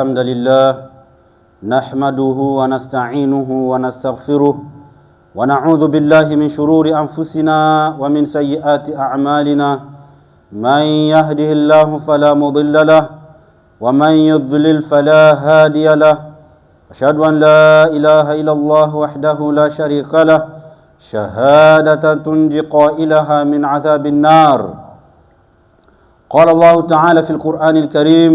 الحمد لله نحمده ونستعينه ونستغفره ونعوذ بالله من شرور أنفسنا ومن سيئات أعمالنا من يهده الله فلا مضل له ومن يضلل فلا هادي له أشهد أن لا إله إلا الله وحده لا شريك له شهادة تنجي قائلها من عذاب النار قال الله تعالى في القرآن الكريم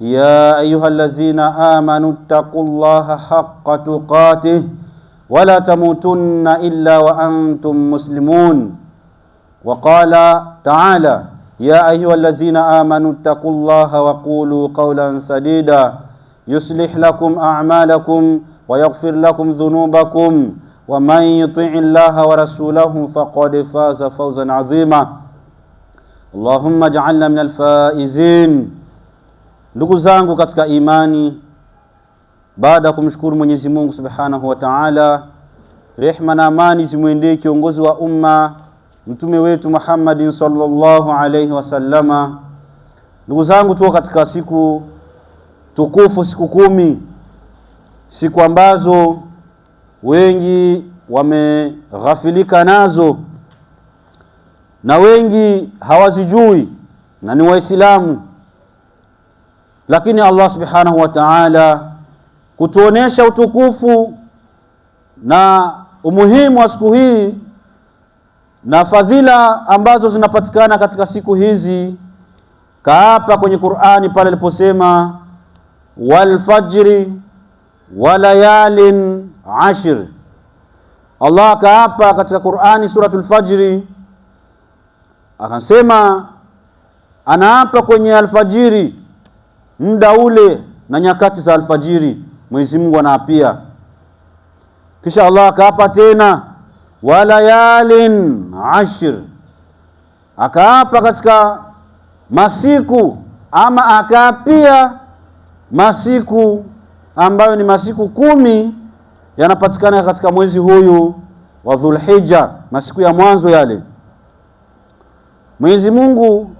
يا ايها الذين امنوا اتقوا الله حق تقاته ولا تموتن الا وانتم مسلمون وقال تعالى يا ايها الذين امنوا اتقوا الله وقولوا قولا سديدا يصلح لكم اعمالكم ويغفر لكم ذنوبكم ومن يطع الله ورسوله فقد فاز فوزا عظيما اللهم اجعلنا من الفائزين Ndugu zangu katika imani, baada ya kumshukuru Mwenyezi Mungu Subhanahu wa Ta'ala, rehma na amani zimwendee kiongozi wa umma mtume wetu Muhammadin sallallahu alayhi wasallama. Ndugu zangu, tuko katika siku tukufu, siku kumi, siku ambazo wengi wameghafilika nazo na wengi hawazijui na ni Waislamu lakini Allah subhanahu wa ta'ala kutuonesha utukufu na umuhimu wa siku hii na fadhila ambazo zinapatikana katika siku hizi, kaapa kwenye Qur'ani pale aliposema walfajri wa layalin ashr. Allah kaapa katika Qur'ani suratul Fajri, akasema anaapa kwenye alfajiri muda ule na nyakati za alfajiri, Mwenyezi Mungu anaapia. Kisha Allah akaapa tena walayalin ashr, akaapa katika masiku ama akaapia masiku ambayo ni masiku kumi yanapatikana katika mwezi huyu wa Dhulhijja, masiku ya mwanzo yale. Mwenyezi Mungu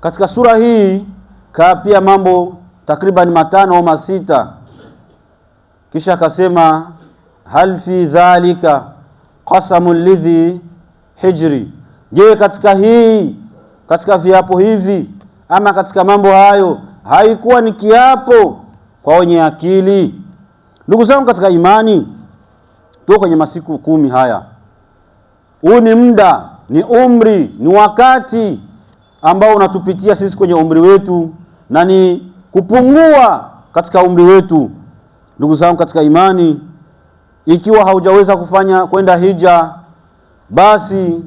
katika sura hii kaa pia mambo takriban matano au masita, kisha akasema hal fi dhalika qasamun lidhi hijri, je, katika hii katika viapo hivi ama katika mambo hayo haikuwa ni kiapo kwa wenye akili? Ndugu zangu katika imani, tuko kwenye masiku kumi haya. Huu ni muda, ni umri, ni wakati ambao unatupitia sisi kwenye umri wetu na ni kupungua katika umri wetu. Ndugu zangu katika imani, ikiwa haujaweza kufanya kwenda hija, basi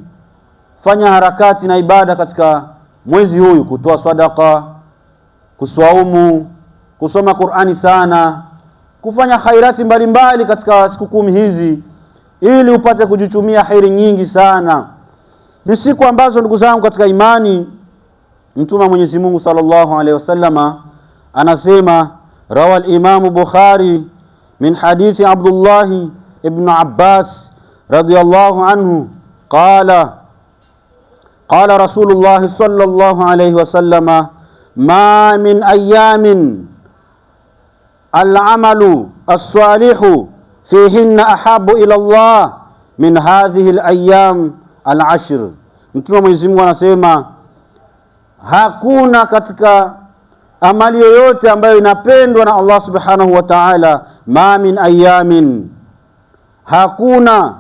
fanya harakati na ibada katika mwezi huyu, kutoa sadaka, kuswaumu, kusoma Qur'ani sana, kufanya khairati mbalimbali mbali katika siku kumi hizi, ili upate kujichumia heri nyingi sana. Ni siku ambazo ndugu zangu katika imani Mtume wa Mwenyezi Mungu sallallahu alaihi wasallama anasema, rawa limamu Bukhari min hadithi Abdullahi ibnu Abbas radiyallahu anhu qala qala Rasulullahi sallallahu alaihi wasallama ma min ayamin alamalu alsalihu fihinna ahabu ila Allah min hadhihi alayam alashir. Mtume wa Mwenyezi Mungu anasema hakuna katika amali yoyote ambayo inapendwa na Allah subhanahu wa ta'ala, ma min ayamin, hakuna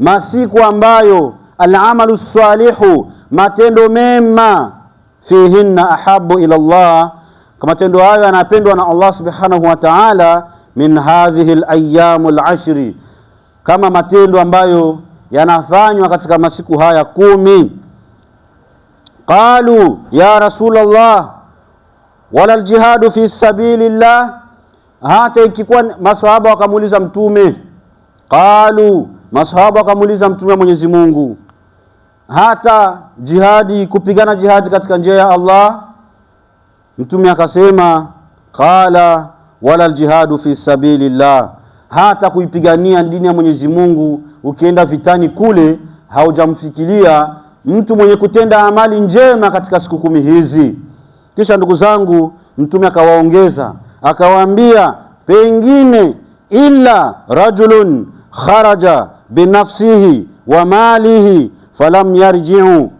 masiku ambayo alamalu salihu, matendo mema, fihinna ahabu ila Allah, matendo hayo yanapendwa na Allah subhanahu wa ta'ala, min hadhihi layamu alashri, kama matendo ambayo yanafanywa katika masiku haya kumi qalu ya rasul Allah wala aljihadu fi sabilillah. Hata ikikuwa maswahaba wakamuuliza mtume, qalu, maswahaba wakamuuliza mtume wa Mwenyezi Mungu, hata jihadi kupigana jihadi katika njia ya Allah, mtume akasema qala wala aljihadu fi sabilillah, hata kuipigania dini ya Mwenyezi Mungu ukienda vitani kule haujamfikiria mtu mwenye kutenda amali njema katika siku kumi hizi. Kisha ndugu zangu, Mtume akawaongeza akawaambia, pengine illa rajulun kharaja binafsihi wa malihi falam yarji'u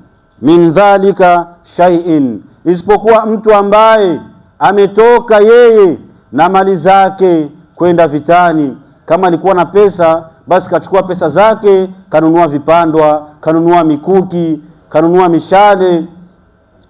min dhalika shay'in, isipokuwa mtu ambaye ametoka yeye na mali zake kwenda vitani. Kama alikuwa na pesa basi kachukua pesa zake kanunua vipandwa, kanunua mikuki, kanunua mishale,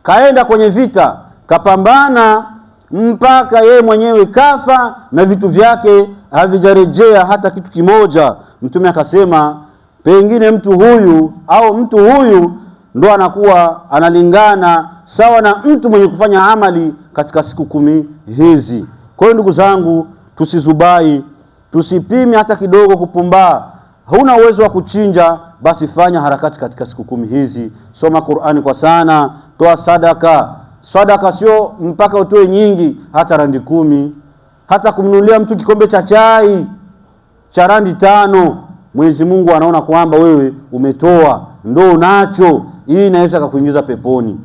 kaenda kwenye vita, kapambana mpaka yeye mwenyewe kafa na vitu vyake havijarejea hata kitu kimoja. Mtume akasema pengine mtu huyu au mtu huyu ndo anakuwa analingana sawa na mtu mwenye kufanya amali katika siku kumi hizi. Kwa hiyo ndugu zangu, tusizubai Tusipime hata kidogo kupumbaa. Huna uwezo wa kuchinja, basi fanya harakati katika siku kumi hizi, soma Qur'ani kwa sana, toa sadaka. Sadaka sio mpaka utoe nyingi, hata randi kumi, hata kumnunulia mtu kikombe cha chai cha randi tano, Mwenyezi Mungu anaona kwamba wewe umetoa, ndo unacho. Hii inaweza kukuingiza peponi.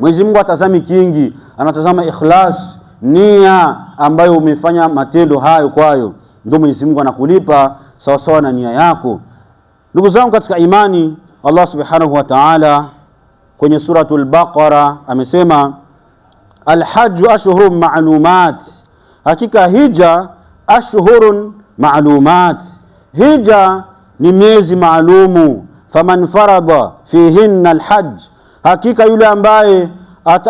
Mwenyezi Mungu atazami kingi, anatazama ikhlas, nia ambayo umefanya matendo hayo kwayo ndio Mwenyezi Mungu anakulipa sawasawa na nia yako. Ndugu zangu katika imani, Allah subhanahu wa ta'ala kwenye suratul Baqara amesema alhaju ashhurun ma'lumat, hakika hija ashhurun ma'lumat, hija ni miezi maalumu. Faman farada fihinna alhaj, hakika yule ambaye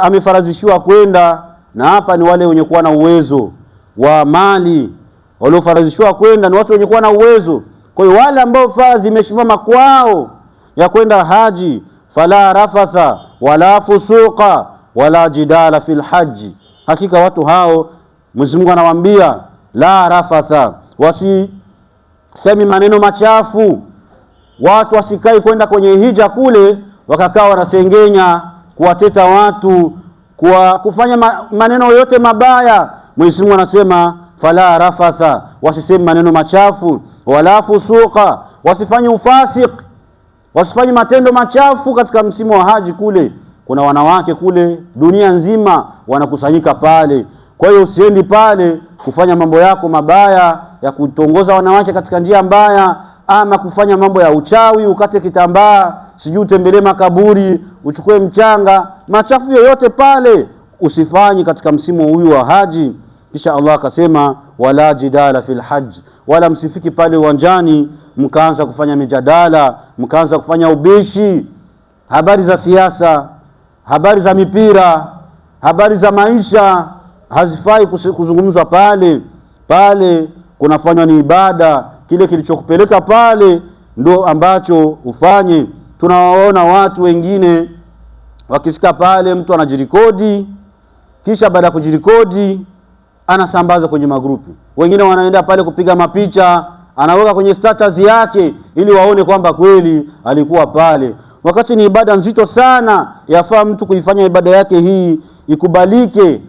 amefarazishiwa kwenda, na hapa ni wale wenye kuwa na uwezo wa mali waliofaradhishiwa kwenda ni watu wenye kuwa na uwezo. Kwa hiyo wale ambao faradhi imesimama kwao ya kwenda haji, fala rafatha wala fusuqa wala jidala fil haji, hakika watu hao Mwenyezi Mungu anawaambia la rafatha, wasisemi maneno machafu. Watu wasikai kwenda kwenye hija kule wakakaa wanasengenya, kuwateta watu, kuwa kufanya maneno yote mabaya. Mwenyezi Mungu anasema fala rafatha, wasiseme maneno machafu, wala fusuqa, wasifanye ufasik, wasifanye matendo machafu. Katika msimu wa haji kule kuna wanawake kule dunia nzima wanakusanyika pale. Kwa hiyo usiendi pale kufanya mambo yako mabaya ya kutongoza wanawake katika njia mbaya, ama kufanya mambo ya uchawi, ukate kitambaa, sijui utembelee makaburi, uchukue mchanga. Machafu yoyote pale usifanyi katika msimu huyu wa haji. Kisha Allah akasema, wala jidala fil hajj, wala msifiki pale uwanjani mkaanza kufanya mijadala, mkaanza kufanya ubishi, habari za siasa, habari za mipira, habari za maisha hazifai kuzungumzwa pale. Pale kunafanywa ni ibada, kile kilichokupeleka pale ndio ambacho ufanye. Tunawaona watu wengine wakifika pale, mtu anajirikodi, kisha baada ya kujirikodi anasambaza kwenye magrupu, wengine wanaenda pale kupiga mapicha, anaweka kwenye status yake ili waone kwamba kweli alikuwa pale, wakati ni ibada nzito sana. Yafaa mtu kuifanya ibada yake hii ikubalike,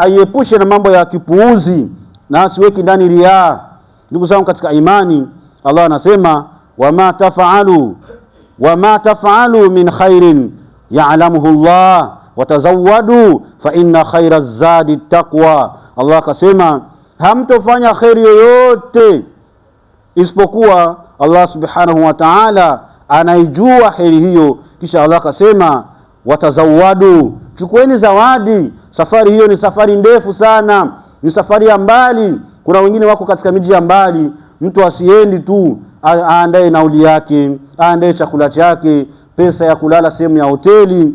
aiepushe na mambo ya kipuuzi na asiweki ndani riaa. Ndugu zangu katika imani, Allah anasema wama tafaalu wama tafaalu min khairin ya'lamuhu Allah watazawadu fa inna khaira zadi taqwa. Allah akasema hamtofanya kheri yoyote isipokuwa Allah subhanahu wa ta'ala anaijua kheri hiyo. Kisha Allah akasema watazawadu, chukueni zawadi. Safari hiyo ni safari ndefu sana, ni safari ya mbali. Kuna wengine wako katika miji ya mbali, mtu asiendi tu aandae nauli yake, aandae chakula chake, pesa ya kulala sehemu ya hoteli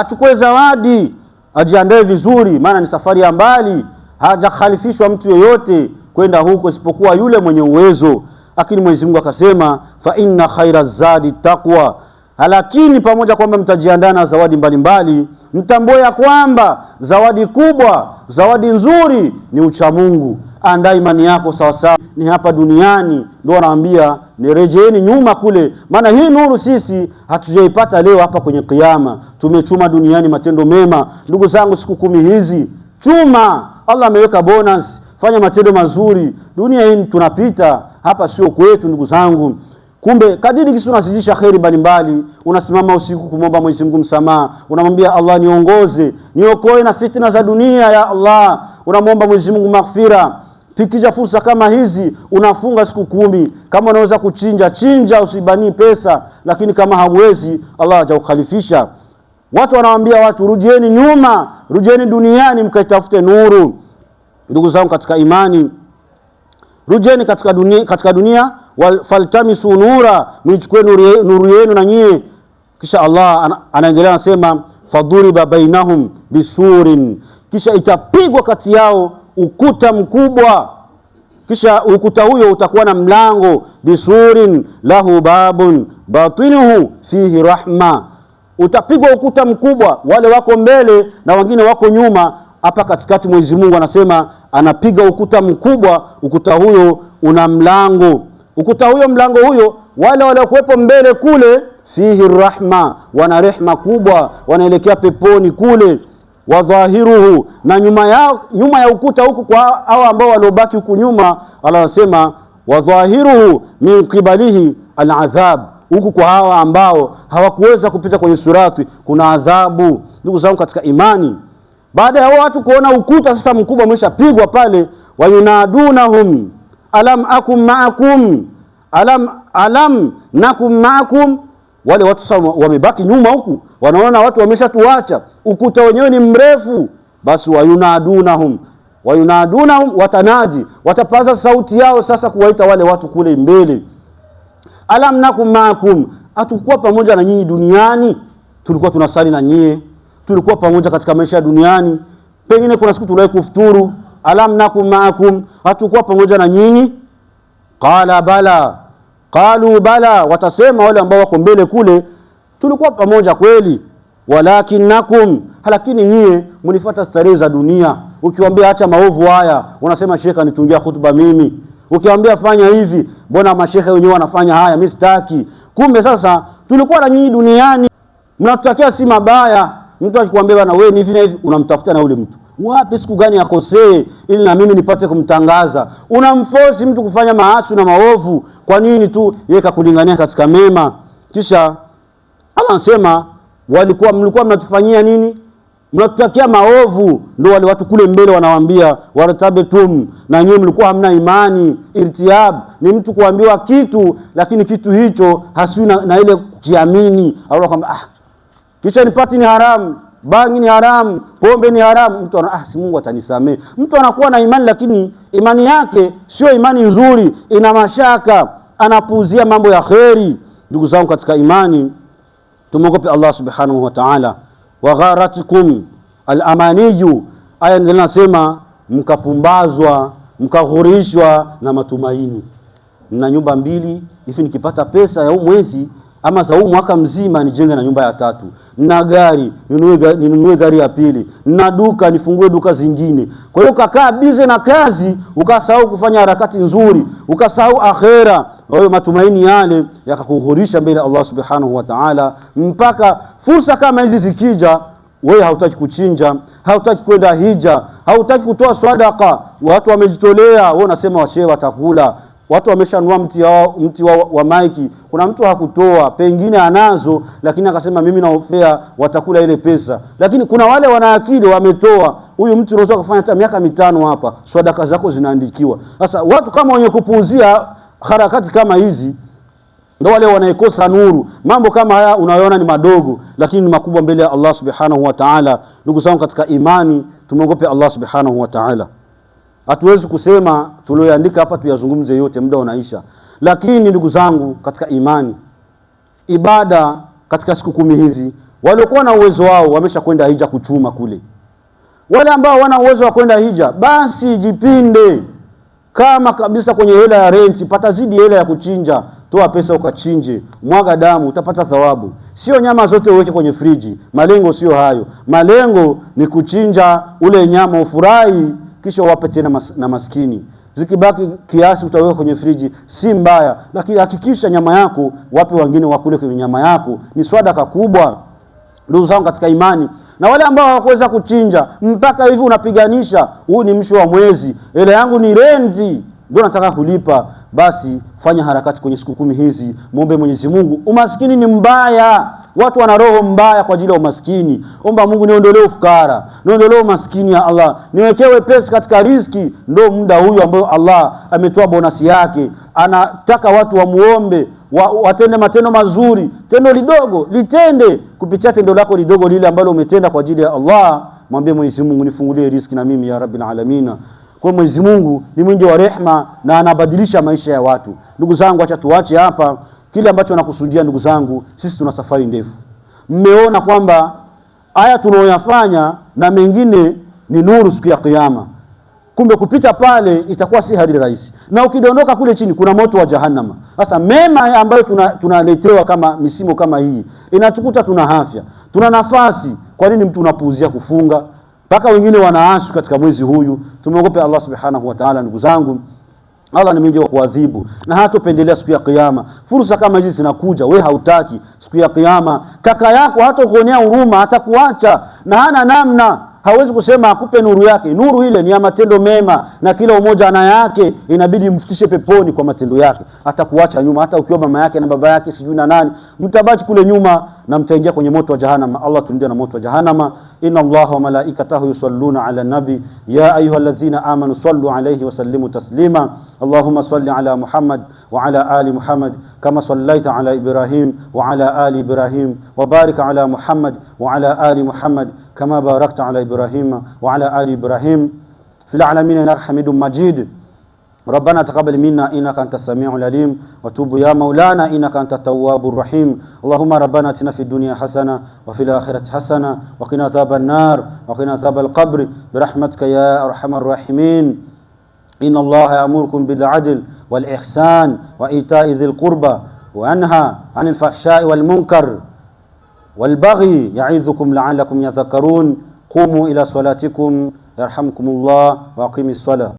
achukue zawadi, ajiandae vizuri, maana ni safari ya mbali. Hajakhalifishwa mtu yeyote kwenda huko isipokuwa yule mwenye uwezo. Lakini Mwenyezi Mungu akasema, fa inna khaira zadi taqwa. Lakini pamoja kwamba mtajiandaa na zawadi mbalimbali, mtambue ya kwamba zawadi kubwa, zawadi nzuri ni uchamungu. Andaa imani yako sawasawa, ni hapa duniani ndio wanaambia nirejeeni nyuma kule, maana hii nuru sisi hatujaipata leo hapa kwenye Kiyama. Tumechuma duniani matendo mema. Ndugu zangu, siku kumi hizi chuma, Allah ameweka bonus, fanya matendo mazuri. Dunia hii tunapita hapa, sio kwetu ndugu zangu. Kumbe kadiri kisu unazidisha kheri mbalimbali, unasimama usiku kumwomba Mwenyezi Mungu msamaha, unamwambia Allah, niongoze niokoe na fitna za dunia, ya Allah, unamwomba Mwenyezi Mungu maghfirah Pikiza fursa kama hizi, unafunga siku kumi. Kama unaweza kuchinja chinja, usibanii pesa, lakini kama hauwezi Allah hajakukhalifisha. Watu wanawaambia watu, rudieni nyuma, rudieni duniani mkaitafute nuru. Ndugu zangu katika imani, rudieni katika dunia, katika dunia faltamisu nura, mwichukue nuru yenu na nyie. Kisha Allah anaendelea anasema, faduriba bainahum bisurin, kisha itapigwa kati yao ukuta mkubwa, kisha ukuta huyo utakuwa na mlango bisurin lahu babun batinuhu fihi rahma. Utapigwa ukuta mkubwa, wale wako mbele na wengine wako nyuma. Hapa katikati Mwenyezi Mungu anasema anapiga ukuta mkubwa, ukuta huyo una mlango, ukuta huyo mlango huyo, wale waliokuwepo mbele kule, fihi rahma, wana rehma kubwa, wanaelekea peponi kule wa dhahiruhu, na nyuma ya, nyuma ya ukuta huku kwa hawa ambao waliobaki huku nyuma, Allah anasema wa dhahiruhu min qibalihi aladhab, huku kwa hawa ambao hawakuweza kupita kwenye surati kuna adhabu. Ndugu zangu katika imani, baada ya watu kuona ukuta sasa mkubwa umeshapigwa pale, wayunadunahum alam akum maakum alam, alam nakum maakum wale watu sasa wamebaki nyuma huku, wanaona watu wameshatuacha, ukuta wenyewe ni mrefu. Basi wayunadunahum wayunadunahum, watanaji, watapaza sauti yao sasa kuwaita wale watu kule mbele. Alam nakum maakum, hatukuwa pamoja na nyinyi duniani? Tulikuwa tunasali na nyie, tulikuwa pamoja katika maisha ya duniani, pengine kuna siku tuliwahi kufuturu. Alam nakum maakum, hatukuwa pamoja na nyinyi? Qala bala qalu bala, watasema wale ambao wako mbele kule, tulikuwa pamoja kweli, walakinakum, lakini nyie mnifuata starehe za dunia. Ukiwaambia acha maovu haya, unasema shekhe anitungia hutuba mimi. Ukiwaambia fanya hivi, mbona mashekhe wenyewe wanafanya haya, mimi sitaki. Kumbe sasa tulikuwa na nyinyi duniani, mnatutakia si mabaya. Mtu akikwambia bana, wewe ni hivi na hivi, unamtafuta na yule mtu wapi siku gani akosee, ili na mimi nipate kumtangaza. Unamforce mtu kufanya maasi na maovu, kwa nini tu yeye kakulingania katika mema? Kisha Allah anasema walikuwa mlikuwa mnatufanyia nini? Mnatutakia maovu. Ndio wale watu kule mbele wanawaambia wartabetum, na nyinyi mlikuwa hamna imani. Irtiab ni mtu kuambiwa kitu lakini kitu hicho hasiwi na, na ile kukiamini au kwamba ah, kisha nipati ni haramu bangi ni haramu, pombe ni haramu, mtu ana ah, si Mungu atanisamehe. Mtu anakuwa na imani, lakini imani yake sio imani nzuri, ina mashaka, anapuuzia mambo ya kheri. Ndugu zangu katika imani, tumwogope Allah subhanahu wa ta'ala. wa gharatikum al-amaniyu, aya ndio nasema mkapumbazwa, mkaghurishwa na matumaini. na nyumba mbili hivi, nikipata pesa ya mwezi ama za huu mwaka mzima nijenge na nyumba ya tatu na gari ninunue, gari ya pili na duka nifungue duka zingine. Kwa hiyo ukakaa bize na kazi, ukasahau kufanya harakati nzuri, ukasahau akhera. hiyo matumaini yale yakakuhurisha mbele Allah subhanahu wa ta'ala, mpaka fursa kama hizi zikija wewe hautaki kuchinja, hautaki kwenda hija, hautaki kutoa swadaka Watu wamejitolea, wewe unasema wachee watakula. Watu wameshanua mti wao mti wa, wa maiki. Kuna mtu hakutoa, pengine anazo, lakini akasema mimi naofea watakula ile pesa. Lakini kuna wale akili wametoa. Huyu mtu unaweza kufanya hata miaka mitano hapa, sadaka zako zinaandikiwa. Sasa watu kama wenye kupuuzia harakati kama hizi ndio wale wanaikosa nuru. Mambo kama haya unayoona ni madogo, lakini ni makubwa mbele ya Allah subhanahu wa ta'ala. Ndugu zangu katika imani, tumeogope Allah subhanahu wa ta'ala. Hatuwezi kusema tulioandika hapa tuyazungumze yote, muda unaisha. Lakini ndugu zangu katika imani, ibada katika siku kumi hizi, waliokuwa na uwezo wao wameshakwenda hija kuchuma kule. Wale ambao wana uwezo wa kwenda hija, basi jipinde kama kabisa kwenye hela ya renti, pata zidi hela ya kuchinja, toa pesa ukachinje, mwaga damu, utapata thawabu. Sio nyama zote uweke kwenye friji, malengo sio hayo. Malengo ni kuchinja ule nyama, ufurahi kisha wape tena mas, na maskini. Zikibaki kiasi utaweka kwenye friji, si mbaya, lakini hakikisha nyama yako wape wengine wakule kwenye nyama yako. Ni swadaka kubwa, ndugu zangu katika imani. Na wale ambao hawakuweza kuchinja, mpaka hivi unapiganisha, huu ni mwisho wa mwezi, hela yangu ni renti, ndio nataka kulipa. Basi fanya harakati kwenye siku kumi hizi, muombe Mwenyezi Mungu. Umaskini ni mbaya Watu wana roho mbaya kwa ajili ya umaskini. Omba Mungu, niondolee ufukara, niondolee umaskini ya Allah, niwekee wepesi katika riziki. Ndo muda huyu ambayo Allah ametoa bonasi yake, anataka watu wamuombe wa, watende matendo mazuri. Tendo lidogo litende kupitia tendo lako lidogo lile ambalo umetenda kwa ajili ya Allah. Mwambie Mwenyezi Mungu, nifungulie riziki na mimi ya Rabbil Alamin. Kwa Mwenyezi Mungu ni mwingi wa rehma na anabadilisha maisha ya watu. Ndugu zangu, acha tuache hapa. Kile ambacho nakusudia ndugu zangu, sisi tuna safari ndefu. Mmeona kwamba haya tunaoyafanya na mengine ni nuru siku ya Kiyama, kumbe kupita pale itakuwa si hali rahisi, na ukidondoka kule chini kuna moto wa Jahannama. Sasa mema ambayo tunaletewa tuna kama misimo kama hii inatukuta, tuna afya, tuna nafasi. Kwa nini mtu unapuuzia kufunga mpaka wengine wanaashu katika mwezi huyu? Tumeogope Allah subhanahu wa ta'ala, ndugu zangu. Allah wa kuadhibu na hatopendelea siku ya kiyama. Fursa kama hizi zinakuja, we hautaki. Siku ya kiyama kaka yako hatakuonea huruma, hatakuacha na hana namna hawezi kusema akupe nuru yake. Nuru ile ni ya matendo mema, na kila umoja ana yake, inabidi mfikishe peponi kwa matendo yake, hatakuacha nyuma. Hata ukiwa mama yake na baba yake sijui na nani, mtabaki kule nyuma na mtaingia kwenye moto wa Jahannam. Allah tulinde na moto wa Jahannam. Inna Allah wa malaikatahu yusalluna ala nabi ya ayyuhalladhina amanu sallu alayhi wa sallimu taslima Allahumma salli ala Muhammad wa ala ali Muhammad kama sallaita ala Ibrahim wa ala ali Ibrahim wa barik ala Muhammad wa ala ali Muhammad كما باركت على إبراهيم وعلى آل إبراهيم في العالمين إنك حميد مجيد ربنا تقبل منا إنك أنت السميع العليم وتوب يا مولانا إنك أنت التواب الرحيم اللهم ربنا اتنا في الدنيا حسنة وفي الآخرة حسنة وقنا عذاب النار وقنا عذاب القبر برحمتك يا أرحم الراحمين إن الله يأمركم بالعدل والإحسان وإيتاء ذي القربى وأنهى عن الفحشاء والمنكر والبغي يعظكم لعلكم يذكرون قوموا إلى صلاتكم يرحمكم الله وأقيموا الصلاة